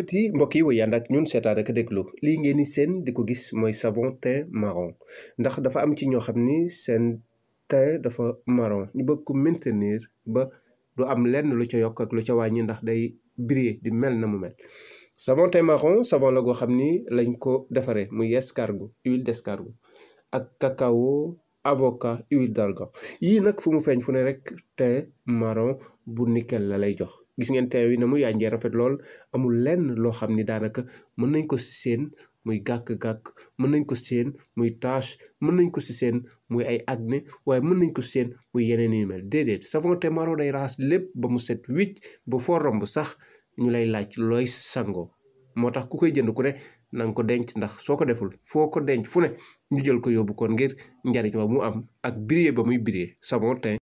fati mbokk yi way ànd ak ñun seetaan ak déglu lii ngeen di seen di ko gis mooy savon teint marron ndax dafa am ci ñoo xam ni seen teint dafa marron ñu bëgg ko maintenir ba du am lenn lu ca yokk ak lu ca wàññi ndax day briller di mel na mu mel savon teint marron savon la goo xam ni lañ ko defaree muy escargot huile d'escargot ak cacao avocat huile d'argan yii nag fu mu feeñ fu ne rek te maro bu nickel la lay jox gis ngeen teint na mu yànjee rafet lool amul lenn loo xam ni daanaka mën nañ ko si seen muy gàkk-gàkk mën nañ ko seen muy tache mën nañ ko si seen muy ay acné waaye mën nañ ko seen muy yeneen yu mel déedéet savon teint marron day raxas lépp ba mu set wicc ba foo romb sax ñu lay laaj looy sangoo moo tax ku koy jënd ku ne na ko denc ndax soo ko deful foo ko denc fu ne ñu jël ko yóbbu kon ngir njariñ ba mu am ak biree ba muy biree savon teint